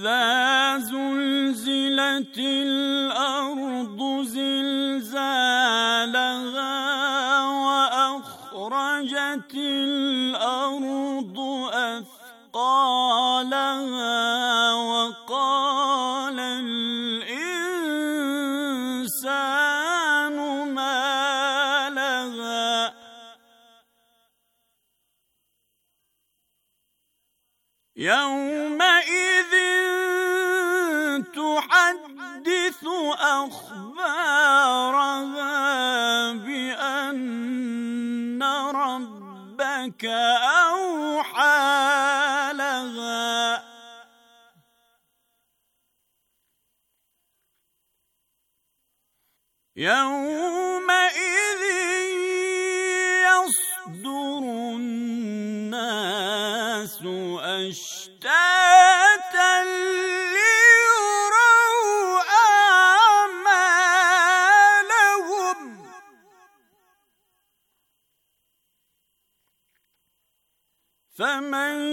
إذا زلزلت الأرض زلزالها وأخرجت الأرض أثقالها ربك أوحى لها يوم من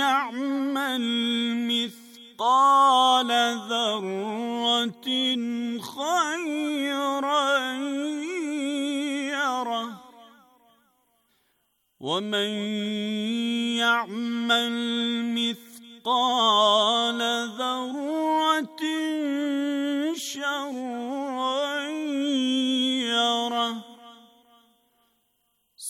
يعمل مثقال ذرة خيرا يره ومن يعمل مثقال ذرة شرا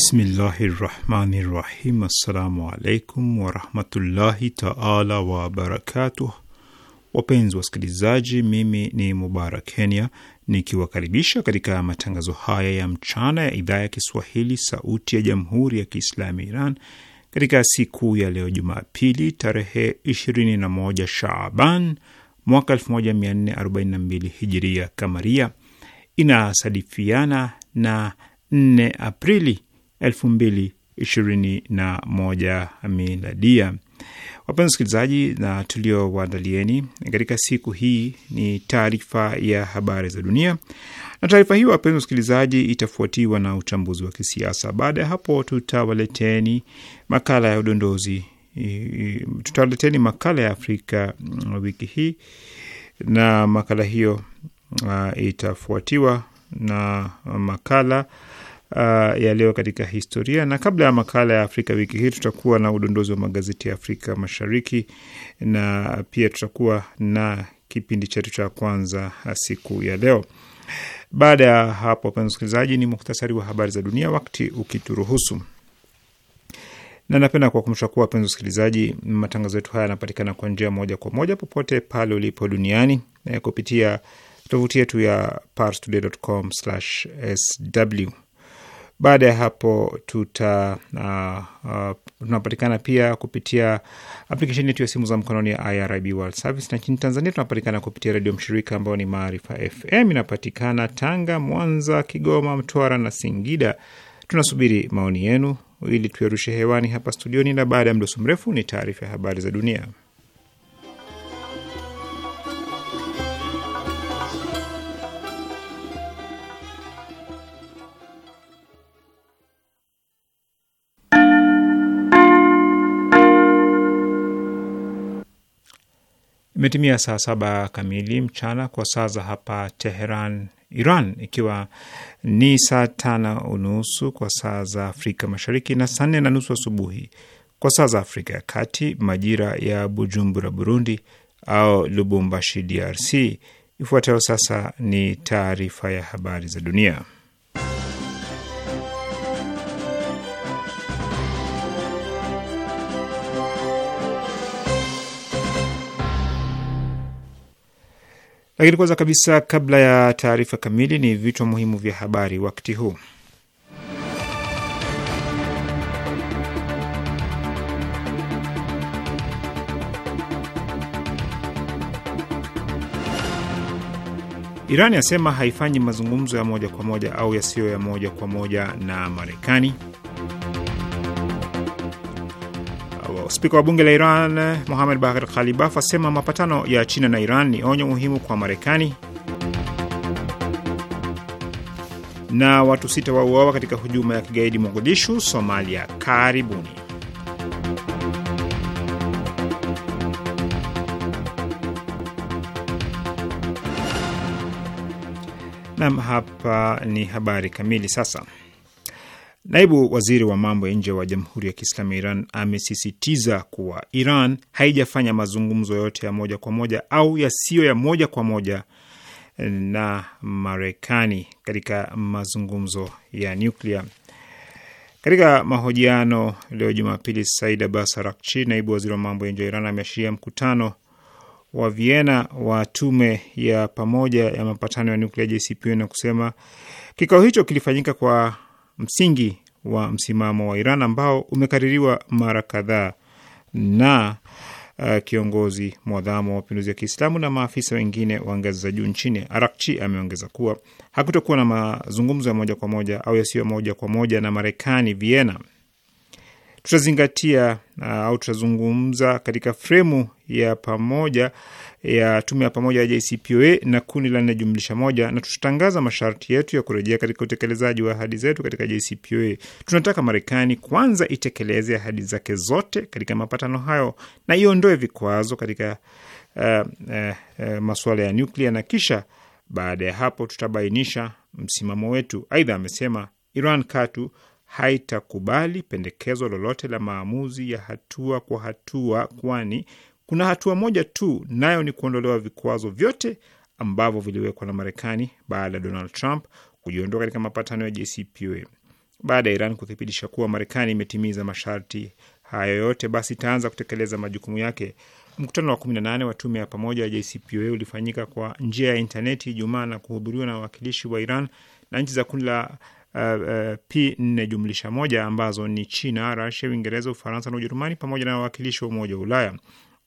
Bismillahi rahmani rahim. Assalamu alaikum warahmatullahi taala wabarakatuh. Wapenzi wasikilizaji, mimi ni Mubarak Kenya nikiwakaribisha katika matangazo haya ya mchana ya idhaa ya Kiswahili Sauti ya Jamhuri ya Kiislami Iran katika siku ya leo Jumapili tarehe 21 Shaaban mwaka 1442 Hijiria Kamaria, inasadifiana na 4 Aprili elfu mbili ishirini na moja miladia. Wapenzi wasikilizaji, na tuliowaandalieni katika siku hii ni taarifa ya habari za dunia, na taarifa hiyo wapenzi wasikilizaji, itafuatiwa na uchambuzi wa kisiasa. Baada ya hapo, tutawaleteni makala ya udondozi, tutawaleteni makala ya Afrika mm, wiki hii, na makala hiyo uh, itafuatiwa na makala uh, ya leo katika historia, na kabla ya makala ya Afrika wiki hii tutakuwa na udondozi wa magazeti ya Afrika Mashariki na pia tutakuwa na kipindi chetu cha kwanza uh, siku ya leo. Baada ya hapo, wapenzi msikilizaji, ni muhtasari wa habari za dunia wakati ukituruhusu na napenda kuwakumbusha kuwa, wapenzi wasikilizaji, matangazo yetu haya yanapatikana kwa njia moja kwa moja popote pale ulipo duniani eh, kupitia tovuti yetu ya parstoday.com/sw. Baada ya hapo tuta uh, uh, tunapatikana pia kupitia aplikesheni yetu ya simu za mkononi ya IRIB World Service, na nchini Tanzania tunapatikana kupitia redio mshirika ambayo ni Maarifa FM, inapatikana Tanga, Mwanza, Kigoma, Mtwara na Singida. Tunasubiri maoni yenu ili tuyarushe hewani hapa studioni, na baada ya mdoso mrefu ni taarifa ya habari za dunia. Imetimia saa saba kamili mchana kwa saa za hapa Teheran, Iran, ikiwa ni saa tano unusu kwa saa za Afrika Mashariki na saa nne na nusu asubuhi kwa saa za Afrika ya Kati, majira ya Bujumbura, Burundi, au Lubumbashi, DRC. Ifuatayo sasa ni taarifa ya habari za dunia. Lakini kwanza kabisa, kabla ya taarifa kamili, ni vichwa muhimu vya habari wakati huu. Iran yasema haifanyi mazungumzo ya moja kwa moja au yasiyo ya moja kwa moja na Marekani. Spika wa bunge la Iran Muhamed Bahar Khalibaf asema mapatano ya China na Iran ni onyo muhimu kwa Marekani. Na watu sita wauawa katika hujuma ya kigaidi Mogadishu, Somalia. Karibuni. Nam, hapa ni habari kamili sasa. Naibu waziri wa mambo ya nje wa Jamhuri ya Kiislamu ya Iran amesisitiza kuwa Iran haijafanya mazungumzo yote ya moja kwa moja au yasiyo ya moja kwa moja na Marekani katika mazungumzo ya nyuklia. Katika mahojiano leo Jumapili, Said Abbas Arakchi, naibu waziri wa mambo ya nje wa Iran, ameashiria mkutano wa Viena wa tume ya pamoja ya mapatano ya nuklia JCPOA na kusema kikao hicho kilifanyika kwa msingi wa msimamo wa Iran ambao umekaririwa mara kadhaa na uh, kiongozi mwadhamu wa mapinduzi ya Kiislamu na maafisa wengine wa ngazi za juu nchini. Arakchi ameongeza kuwa hakutokuwa na mazungumzo ya moja kwa moja au yasiyo moja kwa moja na Marekani Vienna tutazingatia uh, au tutazungumza katika fremu ya pamoja ya tume ya pamoja ya JCPOA na kundi la nne jumlisha moja, na tutatangaza masharti yetu ya kurejea katika utekelezaji wa ahadi zetu katika JCPOA. Tunataka Marekani kwanza itekeleze ahadi zake zote katika mapatano hayo na iondoe vikwazo katika uh, uh, uh, masuala ya nuklia, na kisha baada ya hapo tutabainisha msimamo wetu. Aidha amesema Iran katu haitakubali pendekezo lolote la maamuzi ya hatua kwa hatua, kwani kuna hatua moja tu, nayo ni kuondolewa vikwazo vyote ambavyo viliwekwa na Marekani baada ya Donald Trump kujiondoa katika mapatano ya JCPOA. Baada ya Iran kuthibitisha kuwa Marekani imetimiza masharti hayo yote, basi itaanza kutekeleza majukumu yake. Mkutano wa 18 wa tume ya pamoja ya JCPOA ulifanyika kwa njia ya intaneti Ijumaa na kuhudhuriwa na wawakilishi wa Iran na nchi za kundi la uh, eh, eh, P4 jumlisha moja ambazo ni China, Rasia, Uingereza, Ufaransa na Ujerumani pamoja na wawakilishi wa Umoja wa Ulaya.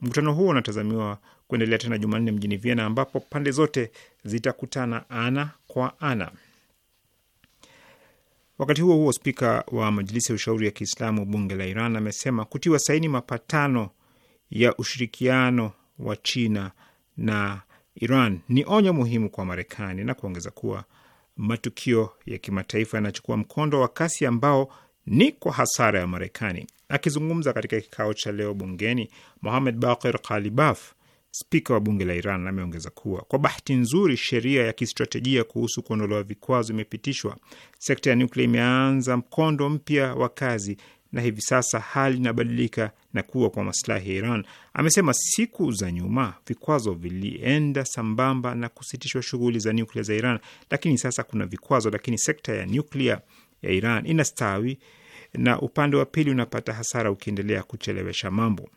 Mkutano huo unatazamiwa kuendelea tena Jumanne mjini Vienna ambapo pande zote zitakutana ana kwa ana. Wakati huo huo, spika wa Majlisi ya Ushauri ya Kiislamu bunge la Iran amesema kutiwa saini mapatano ya ushirikiano wa China na Iran ni onyo muhimu kwa Marekani na kuongeza kuwa matukio ya kimataifa yanachukua mkondo wa kasi ambao ni kwa hasara ya Marekani. Akizungumza katika kikao cha leo bungeni, Mohamed Baqir Kalibaf, spika wa bunge la Iran, ameongeza kuwa kwa bahati nzuri, sheria ya kistratejia kuhusu kuondolewa vikwazo imepitishwa, sekta ya nuklia imeanza mkondo mpya wa kazi na hivi sasa hali inabadilika na kuwa kwa masilahi ya Iran. Amesema siku za nyuma vikwazo vilienda sambamba na kusitishwa shughuli za nyuklia za Iran, lakini sasa kuna vikwazo, lakini sekta ya nyuklia ya Iran inastawi na upande wa pili unapata hasara ukiendelea kuchelewesha mambo.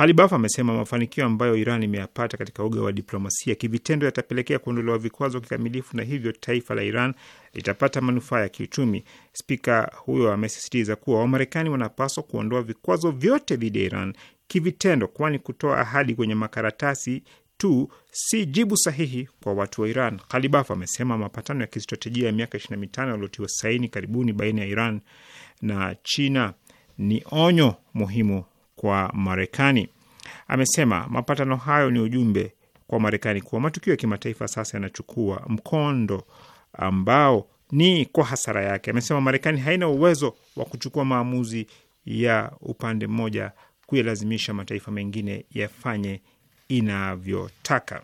Kalibaf amesema mafanikio ambayo Iran imeyapata katika uga wa diplomasia kivitendo yatapelekea kuondolewa vikwazo kikamilifu na hivyo taifa la Iran litapata manufaa ya kiuchumi. Spika huyo amesisitiza kuwa Wamarekani wanapaswa kuondoa vikwazo vyote dhidi ya Iran kivitendo, kwani kutoa ahadi kwenye makaratasi tu si jibu sahihi kwa watu wa Iran. Kalibaf amesema mapatano ya kistratejia ya miaka 25 yaliyotiwa saini karibuni baina ya Iran na China ni onyo muhimu kwa Marekani. Amesema mapatano hayo ni ujumbe kwa Marekani kuwa matukio ya kimataifa sasa yanachukua mkondo ambao ni kwa hasara yake. Amesema Marekani haina uwezo wa kuchukua maamuzi ya upande mmoja kuyalazimisha mataifa mengine yafanye inavyotaka.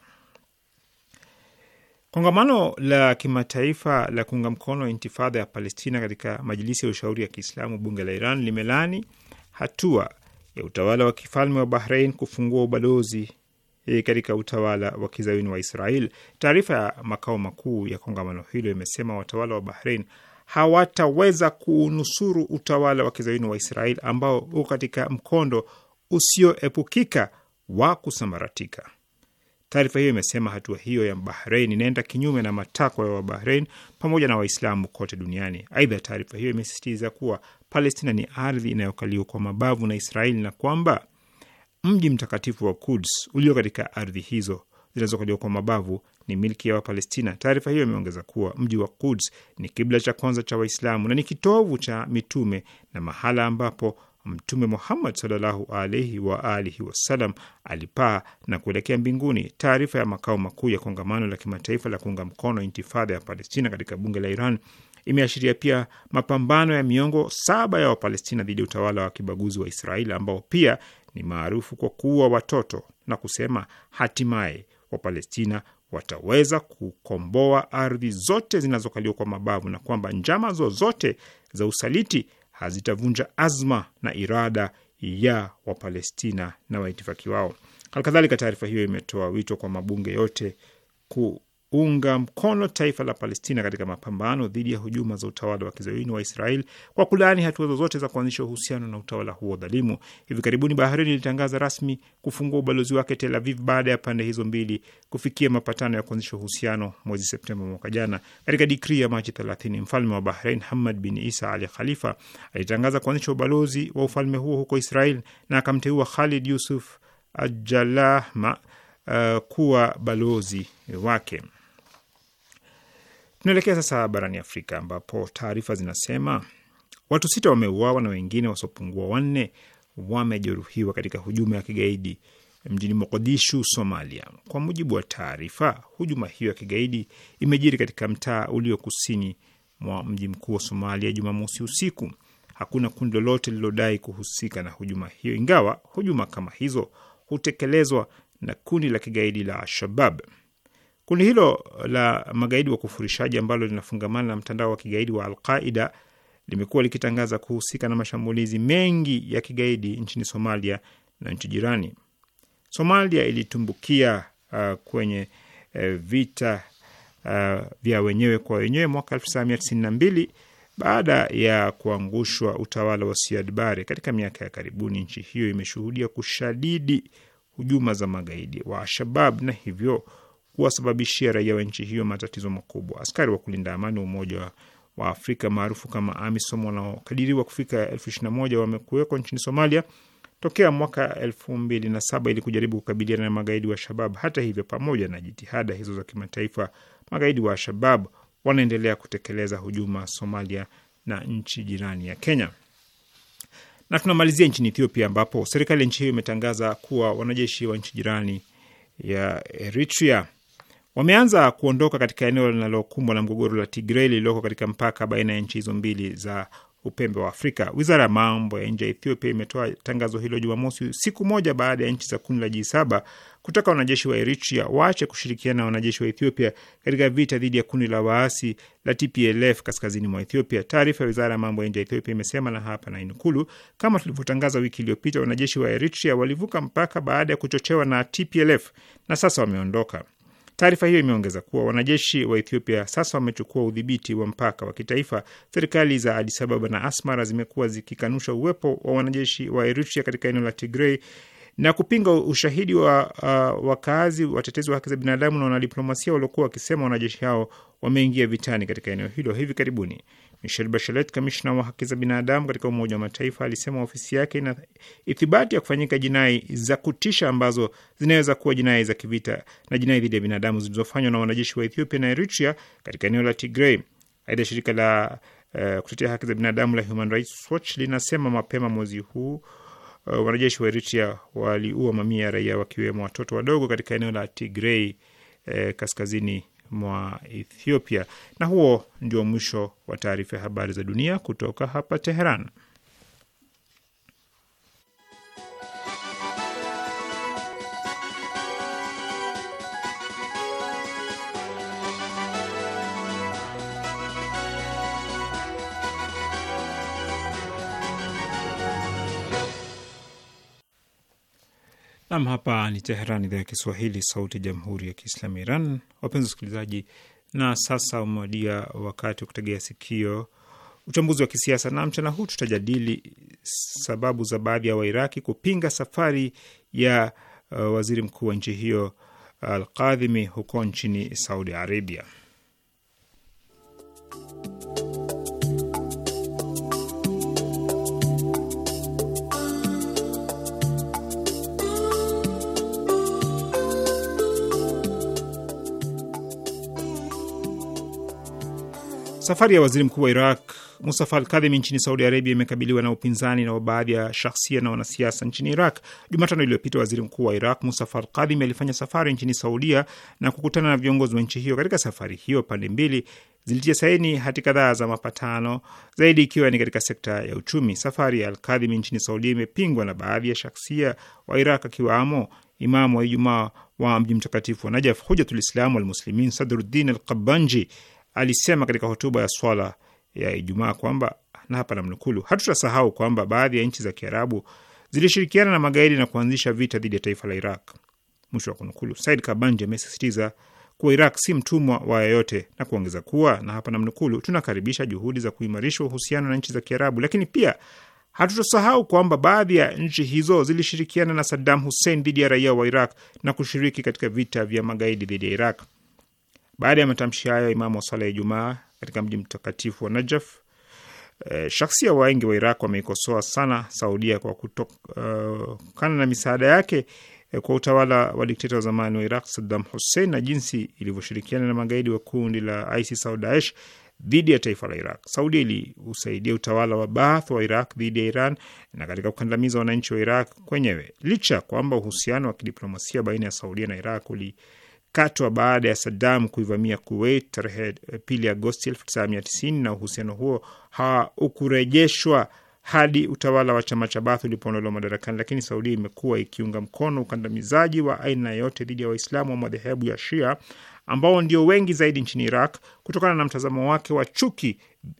Kongamano la kimataifa la kuunga mkono intifadha ya Palestina katika Majilisi ya Ushauri ya Kiislamu, bunge la Iran limelaani hatua ya utawala wa kifalme wa Bahrain kufungua ubalozi e, katika utawala wa kizawini wa Israel. Taarifa ya makao makuu ya kongamano hilo imesema watawala wa Bahrain hawataweza kuunusuru utawala wa kizayuni wa Israel ambao uko katika mkondo usioepukika wa kusambaratika. Taarifa hiyo imesema hatua hiyo ya Bahrein inaenda kinyume na matakwa ya Wabahrein pamoja na Waislamu kote duniani. Aidha, taarifa hiyo imesisitiza kuwa Palestina ni ardhi inayokaliwa kwa mabavu na Israeli na kwamba mji mtakatifu wa Kuds ulio katika ardhi hizo zinazokaliwa kwa mabavu ni milki ya Wapalestina. Taarifa hiyo imeongeza kuwa mji wa Kuds ni kibla cha kwanza cha Waislamu na ni kitovu cha mitume na mahala ambapo Mtume Muhammad sallallahu alaihi wa alihi alipaa na kuelekea mbinguni. Taarifa ya makao makuu ya kongamano la kimataifa la kuunga mkono intifadha ya Palestina katika bunge la Iran imeashiria pia mapambano ya miongo saba ya Wapalestina dhidi ya utawala wa kibaguzi wa Israeli ambao pia ni maarufu kwa kuua watoto na kusema hatimaye Wapalestina wataweza kukomboa ardhi zote zinazokaliwa kwa mabavu na kwamba njama zozote za usaliti hazitavunja azma na irada ya Wapalestina na waitifaki wao. Halikadhalika, taarifa hiyo imetoa wito kwa mabunge yote ku unga mkono taifa la Palestina katika mapambano dhidi ya hujuma za utawala wa kizayuni wa Israel kwa kulaani hatua zozote za kuanzisha uhusiano na utawala huo dhalimu. Hivi karibuni Bahrain ilitangaza rasmi kufungua ubalozi wake Tel Aviv baada ya pande hizo mbili kufikia mapatano ya kuanzisha uhusiano mwezi Septemba mwaka jana. Katika dikrii ya Machi 30, mfalme wa Bahrain Hamad bin Isa Al Khalifa alitangaza kuanzisha ubalozi wa ufalme huo huko Israel na akamteua Khalid Yusuf Ajalahma uh, kuwa balozi wake. Tunaelekea sasa barani Afrika ambapo taarifa zinasema watu sita wameuawa na wengine wasiopungua wanne wamejeruhiwa katika hujuma ya kigaidi mjini Mogadishu, Somalia. Kwa mujibu wa taarifa, hujuma hiyo ya kigaidi imejiri katika mtaa ulio kusini mwa mji mkuu wa Somalia Jumamosi usiku. Hakuna kundi lolote lililodai kuhusika na hujuma hiyo, ingawa hujuma kama hizo hutekelezwa na kundi la kigaidi la Al-Shabab. Kundi hilo la magaidi wa kufurishaji ambalo linafungamana na mtandao wa kigaidi wa Alqaida limekuwa likitangaza kuhusika na mashambulizi mengi ya kigaidi nchini Somalia na nchi jirani. Somalia ilitumbukia uh, kwenye uh, vita uh, vya wenyewe kwa wenyewe mwaka 1992 baada ya kuangushwa utawala wa Siad Barre. Katika miaka ya karibuni, nchi hiyo imeshuhudia kushadidi hujuma za magaidi wa Al-Shabab na hivyo kuwasababishia raia wa nchi hiyo matatizo makubwa. Askari wa kulinda amani wa Umoja wa Afrika maarufu kama AMISOM wanaokadiriwa kufika elfu ishirini na moja wamekuwekwa nchini Somalia tokea mwaka elfu mbili na saba ili kujaribu kukabiliana na magaidi wa Shabab. Hata hivyo, pamoja na jitihada hizo za kimataifa, magaidi wa Shabab wanaendelea kutekeleza hujuma Somalia na nchi jirani ya Kenya. Na tunamalizia nchini Ethiopia ambapo serikali ya nchi hiyo imetangaza kuwa wanajeshi wa nchi jirani ya Eritrea wameanza kuondoka katika eneo linalokumbwa na mgogoro la Tigrei lililoko katika mpaka baina ya nchi hizo mbili za upembe wa Afrika. Wizara ya mambo ya nje ya Ethiopia imetoa tangazo hilo Jumamosi, siku moja baada ya nchi za kundi la G7 kutaka wanajeshi wa Eritrea waache kushirikiana na wanajeshi wa Ethiopia katika vita dhidi ya kundi la waasi la TPLF kaskazini mwa Ethiopia. Taarifa ya wizara ya mambo ya nje ya Ethiopia imesema, na hapa na inukulu, kama tulivyotangaza wiki iliyopita, wanajeshi wa Eritrea walivuka mpaka baada ya kuchochewa na TPLF na sasa wameondoka. Taarifa hiyo imeongeza kuwa wanajeshi wa Ethiopia sasa wamechukua udhibiti wa mpaka wa kitaifa. Serikali za Addis Ababa na Asmara zimekuwa zikikanusha uwepo wa wanajeshi wa Eritrea katika eneo la Tigray na kupinga ushahidi wa uh, wakaazi, watetezi wa haki za binadamu na wanadiplomasia waliokuwa wakisema wanajeshi hao wameingia vitani katika eneo hilo hivi karibuni. Michelle Bachelet, kamishna wa haki za binadamu katika Umoja wa Mataifa, alisema ofisi yake ina ithibati ya kufanyika jinai za kutisha ambazo zinaweza kuwa jinai za kivita na jinai dhidi ya binadamu zilizofanywa na wanajeshi wa Ethiopia na Eritrea katika eneo la Tigray. Aidha, shirika la uh, kutetea haki za binadamu la Human Rights Watch linasema mapema mwezi huu uh, wanajeshi wa Eritrea waliua mamia ya raia wakiwemo watoto wadogo katika eneo la Tigray uh, kaskazini mwa Ethiopia. Na huo ndio mwisho wa taarifa ya habari za dunia kutoka hapa Teheran. Nam, hapa ni Teheran, idhaa ya Kiswahili, sauti ya jamhuri ya kiislamu Iran. Wapenzi wasikilizaji, na sasa umewadia wakati wa kutegea sikio uchambuzi wa kisiasa, na mchana huu tutajadili sababu za baadhi ya Wairaki kupinga safari ya uh, waziri mkuu wa nchi hiyo Alkadhimi huko nchini Saudi Arabia. Safari ya waziri mkuu wa Iraq Mustafa Alkadhimi nchini Saudi Arabia imekabiliwa na upinzani na baadhi ya shahsia na wanasiasa nchini Iraq. Jumatano iliyopita, waziri mkuu wa Iraq Mustafa Alkadhimi alifanya safari nchini Saudia na kukutana na viongozi wa nchi hiyo. Katika safari hiyo, pande mbili zilitia saini hati kadhaa za mapatano zaidi, ikiwa ni katika sekta ya uchumi. Safari ya Alkadhimi nchini Saudia imepingwa na baadhi ya shahsia wa Iraq, akiwamo imamu wa Ijumaa wa mji mtakatifu wa Najaf Hujatul Islamu Walmuslimin Sadruddin Alqabanji alisema katika hotuba ya swala ya Ijumaa kwamba na hapa namnukulu, hatutasahau kwamba baadhi ya nchi za Kiarabu zilishirikiana na magaidi na kuanzisha vita dhidi ya taifa la Iraq, mwisho wa kunukulu. Said Kabanji amesisitiza kuwa Iraq si mtumwa wa yeyote na kuongeza kuwa, na hapa namnukulu, tunakaribisha juhudi za kuimarisha uhusiano na nchi za Kiarabu, lakini pia hatutasahau kwamba baadhi ya nchi hizo zilishirikiana na Saddam Hussein dhidi ya raia wa Iraq na kushiriki katika vita vya magaidi dhidi ya Iraq. Baada ya matamshi hayo imamu wa swala ya Ijumaa katika mji mtakatifu wa Najaf, eh, shakhsia wengi wa Iraq wameikosoa sana Saudia kwa kutokana uh, na misaada yake eh, kwa utawala wa dikteta wa zamani wa Iraq Saddam Hussein na jinsi ilivyoshirikiana na magaidi wa kundi la ISIS au Daesh dhidi ya taifa la Iraq. Saudia iliusaidia utawala wa Baath wa Iraq dhidi ya Iran na katika kukandamiza wananchi wa Iraq kwenyewe, licha kwamba uhusiano wa kidiplomasia baina ya Saudia na Iraq uli ulikatwa baada ya Saddam kuivamia Kuwait tarehe pili Agosti 1990 na uhusiano huo haukurejeshwa hadi utawala wa chama cha Baath ulipoondolewa madarakani. Lakini Saudia imekuwa ikiunga mkono ukandamizaji wa aina yote dhidi ya Waislamu wa madhehebu ya Shia ambao ndio wengi zaidi nchini Iraq kutokana na mtazamo wake wa chuki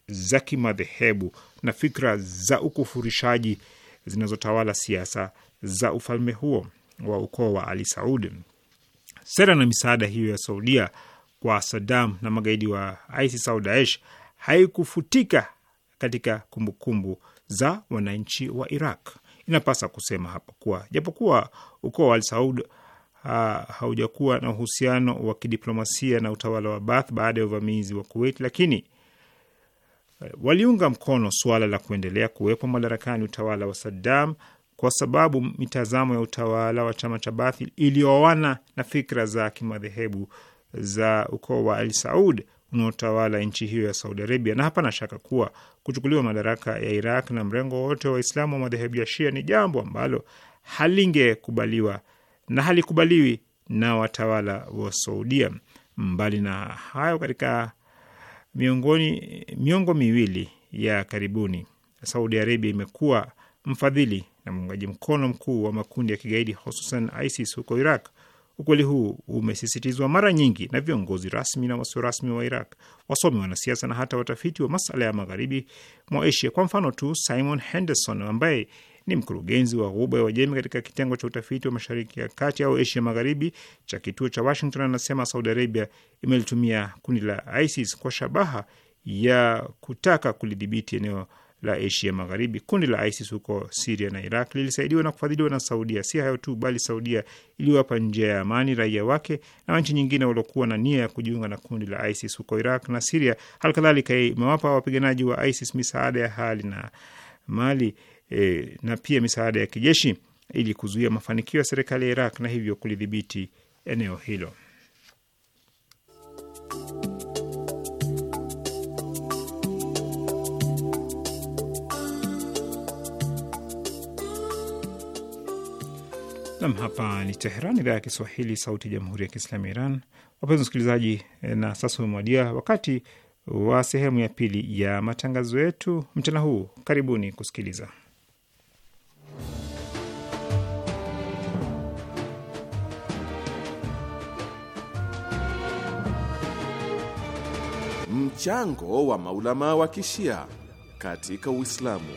za kimadhehebu na fikra za ukufurishaji zinazotawala siasa za ufalme huo wa ukoo wa Ali Saud. Sera na misaada hiyo ya Saudia kwa Saddam na magaidi wa ISIS au Daesh haikufutika katika kumbukumbu kumbu za wananchi wa Iraq. Inapasa kusema hapa kuwa japokuwa ukoo wa Al Saud ah, haujakuwa na uhusiano wa kidiplomasia na utawala wa bath baada ya uvamizi wa Kuwait, lakini eh, waliunga mkono suala la kuendelea kuwepo madarakani utawala wa Saddam kwa sababu mitazamo ya utawala wa chama cha Baath iliyoana na fikra za kimadhehebu za ukoo wa Al Saud unaotawala nchi hiyo ya Saudi Arabia, na hapana shaka kuwa kuchukuliwa madaraka ya Iraq na mrengo wote wa Waislamu wa madhehebu ya Shia ni jambo ambalo halingekubaliwa na halikubaliwi na watawala wa Saudia. Mbali na hayo, katika miongoni miongo miwili ya karibuni Saudi Arabia imekuwa mfadhili na muungaji mkono mkuu wa makundi ya kigaidi hususan ISIS huko Iraq. Ukweli huu umesisitizwa mara nyingi na viongozi rasmi na wasio rasmi wa Iraq, wasomi, wanasiasa na hata watafiti wa masala ya magharibi mwa Asia. Kwa mfano tu, Simon Henderson ambaye ni mkurugenzi wa Ghuba ya Uajemi katika kitengo cha utafiti wa Mashariki ya Kati au Asia Magharibi cha kituo cha Washington anasema Saudi Arabia imelitumia kundi la ISIS kwa shabaha ya kutaka kulidhibiti eneo la Asia Magharibi. Kundi la ISIS huko Siria na Iraq lilisaidiwa na kufadhiliwa na Saudia. Si hayo tu, bali Saudia iliwapa njia ya amani raia wake na nchi nyingine waliokuwa na nia ya kujiunga na kundi la ISIS huko Iraq na Siria. Halikadhalika imewapa wapiganaji wa ISIS misaada ya hali na mali e, na pia misaada ya kijeshi ili kuzuia mafanikio ya serikali ya Iraq na hivyo kulidhibiti eneo hilo. Nam, hapa ni Teheran, idhaa ya Kiswahili, sauti ya jamhuri ya kiislamu ya Iran. Wapenzi msikilizaji eh, na sasa umewadia wakati wa sehemu ya pili ya matangazo yetu mchana huu. Karibuni kusikiliza mchango wa maulama wa kishia katika Uislamu.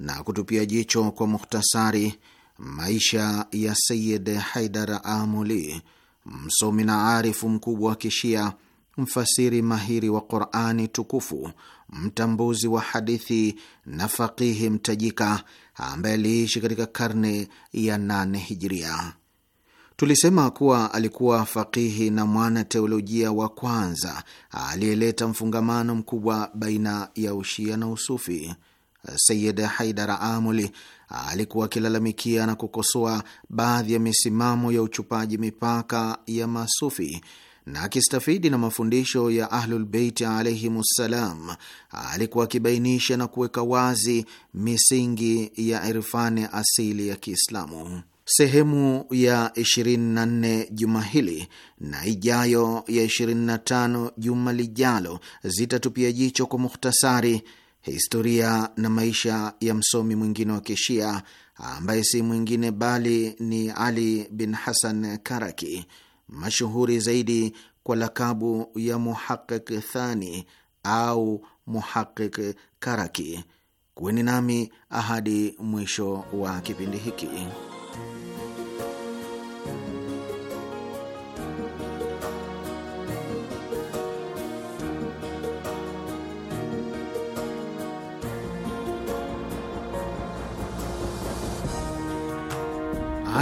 na kutupia jicho kwa muhtasari maisha ya Sayid Haidar Amuli, msomi na arifu mkubwa wa Kishia, mfasiri mahiri wa Qurani Tukufu, mtambuzi wa hadithi na faqihi mtajika ambaye aliishi katika karne ya nane Hijiria. Tulisema kuwa alikuwa faqihi na mwana teolojia wa kwanza aliyeleta mfungamano mkubwa baina ya Ushia na Usufi. Sayid Haidara Amuli alikuwa akilalamikia na kukosoa baadhi ya misimamo ya uchupaji mipaka ya masufi na akistafidi na mafundisho ya Ahlulbeiti alaihimussalam, alikuwa akibainisha na kuweka wazi misingi ya irfani asili ya Kiislamu. Sehemu ya 24 juma hili na ijayo ya 25 juma lijalo zitatupia jicho kwa mukhtasari historia na maisha ya msomi mwingine wa kishia ambaye si mwingine bali ni Ali bin Hasan Karaki, mashuhuri zaidi kwa lakabu ya Muhaqiq Thani au Muhaqiq Karaki. Kuweni nami ahadi mwisho wa kipindi hiki.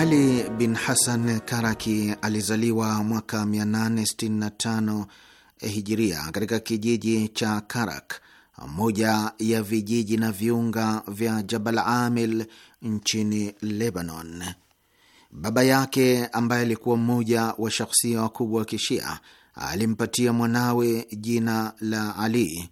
Ali bin Hasan Karaki alizaliwa mwaka 865 hijiria katika kijiji cha Karak, moja ya vijiji na viunga vya Jabal Amil nchini Lebanon. Baba yake ambaye alikuwa mmoja wa shakhsia wakubwa wa Kishia alimpatia mwanawe jina la Ali.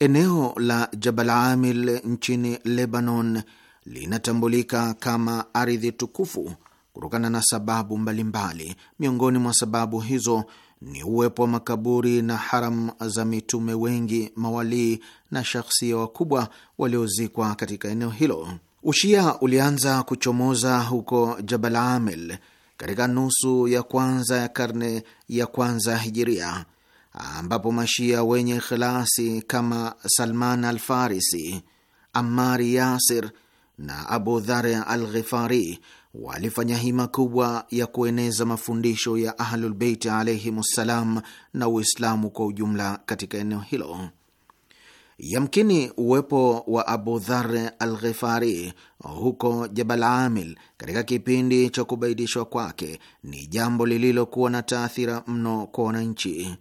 Eneo la Jabal Amil nchini Lebanon linatambulika kama ardhi tukufu kutokana na sababu mbalimbali. Miongoni mwa sababu hizo ni uwepo wa makaburi na haram za mitume wengi, mawalii na shakhsia wakubwa waliozikwa katika eneo hilo. Ushia ulianza kuchomoza huko Jabal Amel katika nusu ya kwanza ya karne ya kwanza Hijiria, ambapo mashia wenye khilasi kama Salman Alfarisi, Amari Yasir na Abu Dhar al Ghifari walifanya hima kubwa ya kueneza mafundisho ya Ahlulbeiti alaihimussalam na Uislamu kwa ujumla katika eneo hilo. Yamkini uwepo wa Abu Dhar al Ghifari huko Jabal Amil katika kipindi cha kubaidishwa kwake ni jambo lililokuwa na taathira mno kwa wananchi.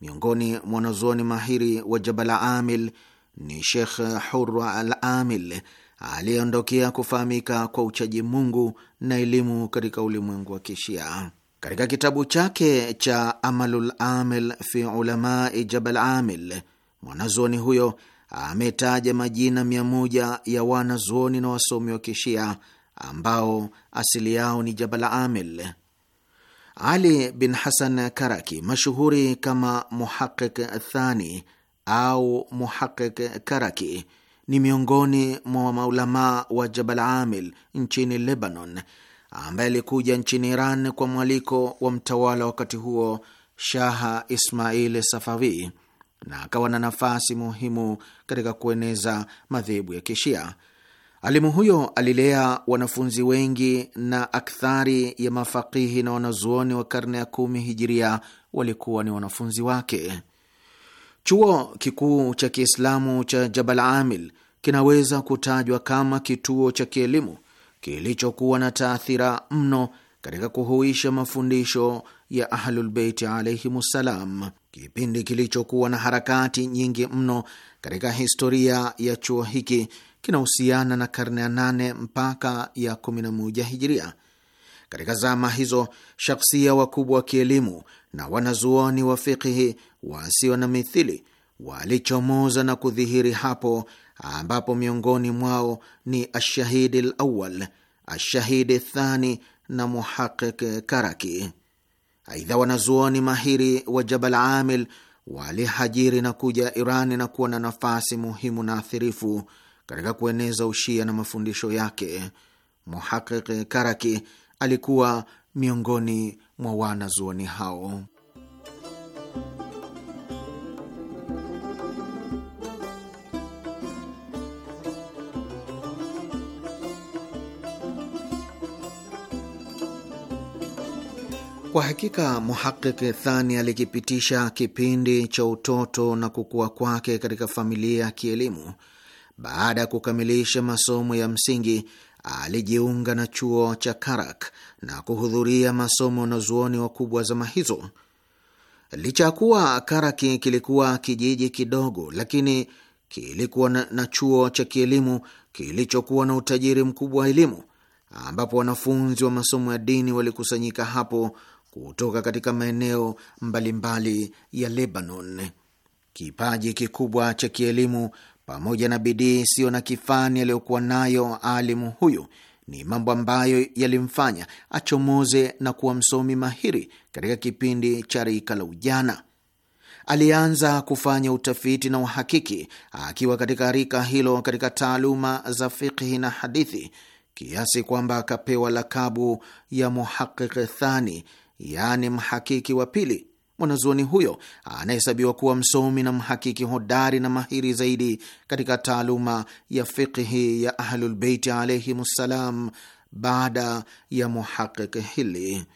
Miongoni mwa wanazuoni mahiri wa Jabal Amil ni Shekh Hurra al Amil aliyeondokea kufahamika kwa uchaji Mungu na elimu katika ulimwengu wa Kishia. Katika kitabu chake cha Amalul Amil fi Ulamai Jabal Amil, mwanazuoni huyo ametaja majina mia moja ya wanazuoni na wasomi wa Kishia ambao asili yao ni Jabal Amil. Ali bin Hasan Karaki, mashuhuri kama Muhaqiq Thani au Muhaqiq Karaki, ni miongoni mwa maulamaa wa Jabal Amil nchini Lebanon, ambaye alikuja nchini Iran kwa mwaliko wa mtawala wakati huo Shaha Ismail Safawi na akawa na nafasi muhimu katika kueneza madhehebu ya Kishia. Alimu huyo alilea wanafunzi wengi na akthari ya mafakihi na wanazuoni wa karne ya kumi hijiria walikuwa ni wanafunzi wake. Chuo kikuu cha Kiislamu cha Jabal Amil kinaweza kutajwa kama kituo cha kielimu kilichokuwa na taathira mno katika kuhuisha mafundisho ya Ahlulbeiti ssalam, kipindi kilichokuwa na harakati nyingi mno katika historia ya chuo hiki kinahusiana na karne ya nane mpaka ya kumi na moja hijiria. Katika zama hizo, shakhsia wakubwa wa kielimu na wanazuoni wa fikihi wasio na mithili walichomoza na kudhihiri hapo, ambapo miongoni mwao ni Ashahidi Lawal, Ashahidi Thani na Muhaqiq Karaki. Aidha, wanazuoni mahiri wa Jabal Amil walihajiri na kuja Irani na kuwa na nafasi muhimu na athirifu katika kueneza ushia na mafundisho yake. Muhaqiq Karaki alikuwa miongoni mwa wanazuoni hao. Kwa hakika muhaqiki Thani alikipitisha kipindi cha utoto na kukua kwake katika familia ya kielimu. Baada ya kukamilisha masomo ya msingi, alijiunga na chuo cha Karak na kuhudhuria masomo na zuoni wakubwa zama hizo. Licha ya kuwa Karak kilikuwa kijiji kidogo, lakini kilikuwa na, na chuo cha kielimu kilichokuwa na utajiri mkubwa wa elimu, ambapo wanafunzi wa masomo ya dini walikusanyika hapo kutoka katika maeneo mbalimbali ya Lebanon. Kipaji kikubwa cha kielimu pamoja na bidii isiyo na kifani aliyokuwa nayo alimu huyu ni mambo ambayo yalimfanya achomoze na kuwa msomi mahiri katika kipindi cha rika la ujana. Alianza kufanya utafiti na uhakiki akiwa katika rika hilo katika taaluma za fiqhi na hadithi, kiasi kwamba akapewa lakabu ya muhaqiqi thani, yaani mhakiki wa pili. Mwanazuoni huyo anahesabiwa kuwa msomi na mhakiki hodari na mahiri zaidi katika taaluma ya fiqhi ya Ahlulbeiti ssalam baada ya Muhaqiq Hili.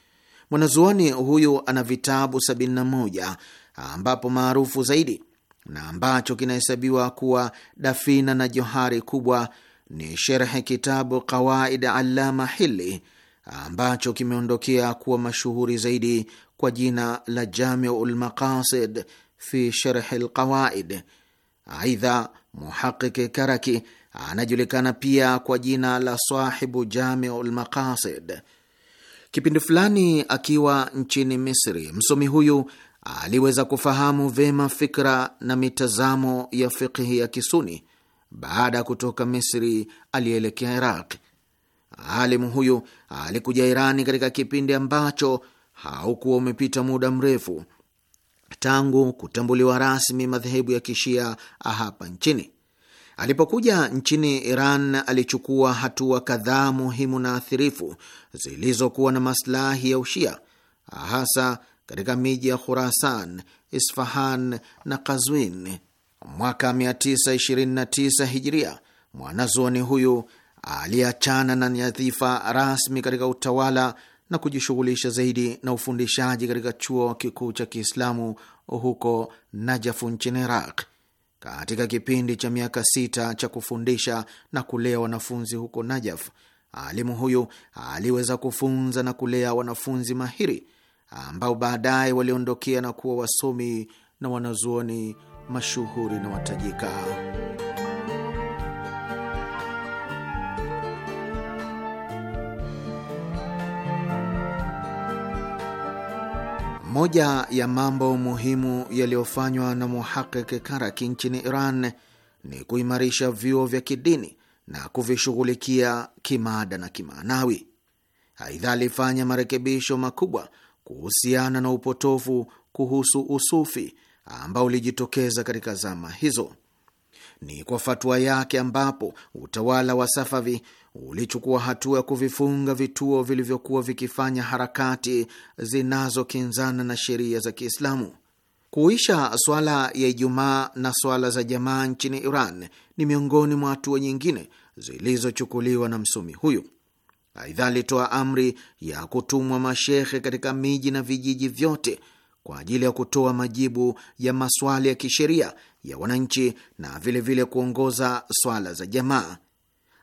Mwanazuoni huyu ana vitabu 71 ambapo maarufu zaidi na ambacho kinahesabiwa kuwa dafina na johari kubwa ni sherhe kitabu Qawaid Allama Hili ambacho kimeondokea kuwa mashuhuri zaidi kwa jina la Jamiu lMaqasid fi sherhi lqawaid. Aidha, Muhaqiqi Karaki anajulikana pia kwa jina la sahibu Jamiu lMaqasid. Kipindi fulani akiwa nchini Misri, msomi huyu aliweza kufahamu vema fikra na mitazamo ya fikhi ya Kisuni. Baada ya kutoka Misri, alielekea Iraq. Alimu huyu alikuja Irani katika kipindi ambacho haukuwa umepita muda mrefu tangu kutambuliwa rasmi madhehebu ya kishia hapa nchini. Alipokuja nchini Iran alichukua hatua kadhaa muhimu na athirifu zilizokuwa na maslahi ya Ushia, hasa katika miji ya Khurasan, Isfahan na Kazwin. Mwaka 929 hijiria mwanazuoni huyu aliachana na nyadhifa rasmi katika utawala na kujishughulisha zaidi na ufundishaji katika chuo kikuu cha Kiislamu huko Najafu nchini Iraq. Katika kipindi cha miaka sita cha kufundisha na kulea wanafunzi huko Najaf, alimu huyu aliweza kufunza na kulea wanafunzi mahiri ambao baadaye waliondokea na kuwa wasomi na wanazuoni mashuhuri na watajika. Moja ya mambo muhimu yaliyofanywa na Muhakiki Karaki nchini Iran ni kuimarisha vyuo vya kidini na kuvishughulikia kimaada na kimaanawi. Aidha, alifanya marekebisho makubwa kuhusiana na upotofu kuhusu usufi ambao ulijitokeza katika zama hizo. Ni kwa fatua yake ambapo utawala wa Safavi ulichukua hatua ya kuvifunga vituo vilivyokuwa vikifanya harakati zinazokinzana na sheria za Kiislamu. Kuisha swala ya Ijumaa na swala za jamaa nchini Iran ni miongoni mwa hatua nyingine zilizochukuliwa na msomi huyu. Aidha, alitoa amri ya kutumwa mashehe katika miji na vijiji vyote kwa ajili ya kutoa majibu ya maswali ya kisheria ya wananchi na vilevile vile kuongoza swala za jamaa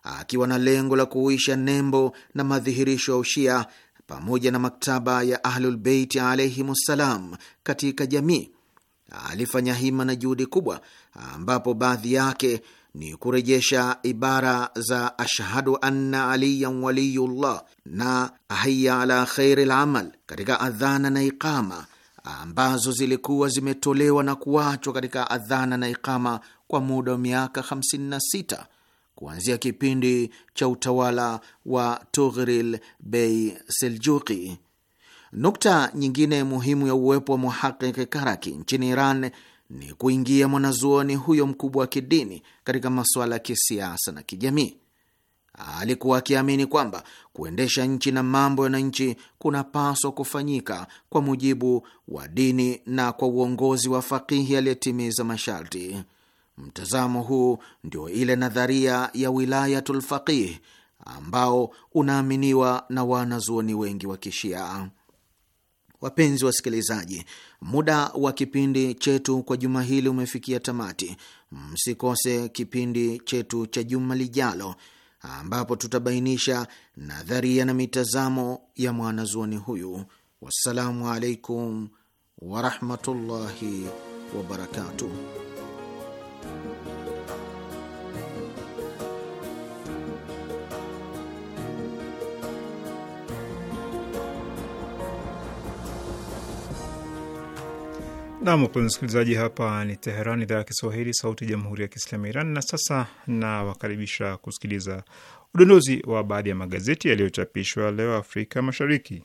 akiwa na lengo la kuhuisha nembo na madhihirisho ya Ushia pamoja na maktaba ya Ahlulbeiti alaihimussalam katika jamii. Alifanya hima na juhudi kubwa, ambapo baadhi yake ni kurejesha ibara za ashhadu anna aliyan waliyullah na haya ala khairi lamal katika adhana na iqama ambazo zilikuwa zimetolewa na kuachwa katika adhana na iqama kwa muda wa miaka 56 kuanzia kipindi cha utawala wa Tughril Bei Seljuki. Nukta nyingine muhimu ya uwepo wa Muhaqiki Karaki nchini Iran ni kuingia mwanazuoni huyo mkubwa wa kidini katika masuala ya kisiasa na kijamii. Alikuwa akiamini kwamba kuendesha nchi na mambo ya wananchi kunapaswa kufanyika kwa mujibu wa dini na kwa uongozi wa fakihi aliyetimiza masharti. Mtazamo huu ndio ile nadharia ya wilayatul faqih ambao unaaminiwa na wanazuoni wengi wa Kishia. Wapenzi wasikilizaji, muda wa kipindi chetu kwa juma hili umefikia tamati. Msikose kipindi chetu cha juma lijalo, ambapo tutabainisha nadharia na mitazamo ya mwanazuoni huyu. Wassalamu alaikum warahmatullahi wabarakatuh. Nam wapenzi msikilizaji, hapa ni Teheran, idhaa ya Kiswahili, sauti ya jamhuri ya kiislamu ya Iran. Na sasa nawakaribisha kusikiliza udondozi wa baadhi ya magazeti yaliyochapishwa leo Afrika Mashariki.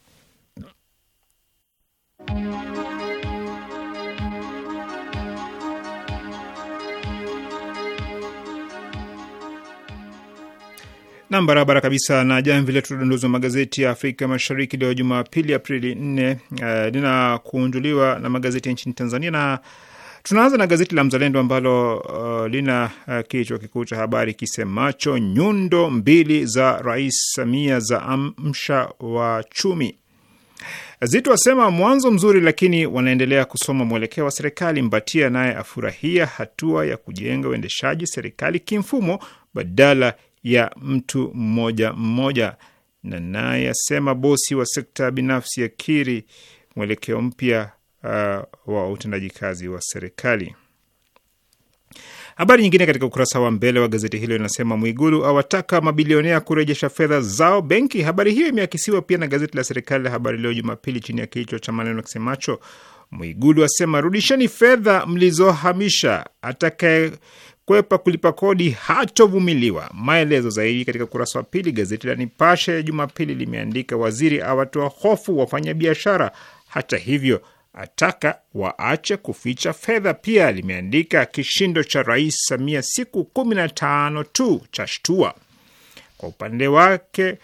Nam barabara kabisa na jamvi vile tudondozwa magazeti ya Afrika Mashariki leo Jumapili, Aprili nne linakunjuliwa eh, uh, na magazeti ya nchini Tanzania, na tunaanza na gazeti la Mzalendo ambalo uh, lina uh, kichwa kikuu cha habari kisemacho nyundo mbili za Rais Samia za amsha wa chumi. Zito asema mwanzo mzuri, lakini wanaendelea kusoma mwelekeo wa serikali. Mbatia naye afurahia hatua ya kujenga uendeshaji serikali kimfumo badala ya mtu mmoja mmoja, na naye asema bosi wa sekta binafsi akiri mwelekeo mpya uh, wa utendaji kazi wa serikali. Habari nyingine katika ukurasa wa mbele wa gazeti hilo inasema Mwigulu awataka mabilionea kurejesha fedha zao benki. Habari hiyo imeakisiwa pia na gazeti la serikali la Habari Leo Jumapili chini ya kichwa cha maneno kisemacho Mwigulu asema rudisheni fedha mlizohamisha, atakaye kukwepa kulipa kodi hatovumiliwa. Maelezo zaidi katika ukurasa wa pili. Gazeti la Nipashe Jumapili limeandika waziri awatoa hofu wafanya biashara, hata hivyo ataka waache kuficha fedha. Pia limeandika kishindo cha Rais Samia siku kumi na tano tu cha shtua. Kwa upande wake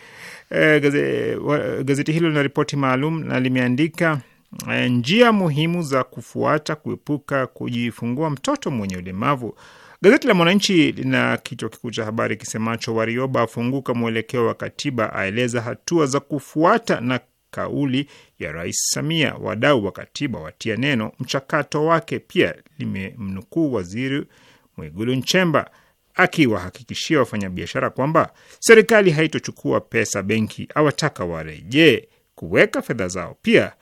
eh, gazeti, gazeti hilo lina ripoti maalum na limeandika eh, njia muhimu za kufuata kuepuka kujifungua mtoto mwenye ulemavu. Gazeti la Mwananchi lina kichwa kikuu cha habari kisemacho Warioba afunguka mwelekeo wa katiba, aeleza hatua za kufuata na kauli ya Rais Samia. Wadau wa katiba watia neno mchakato wake. Pia limemnukuu Waziri Mwigulu Nchemba akiwahakikishia wafanyabiashara kwamba serikali haitochukua pesa benki, awataka warejee kuweka fedha zao. Pia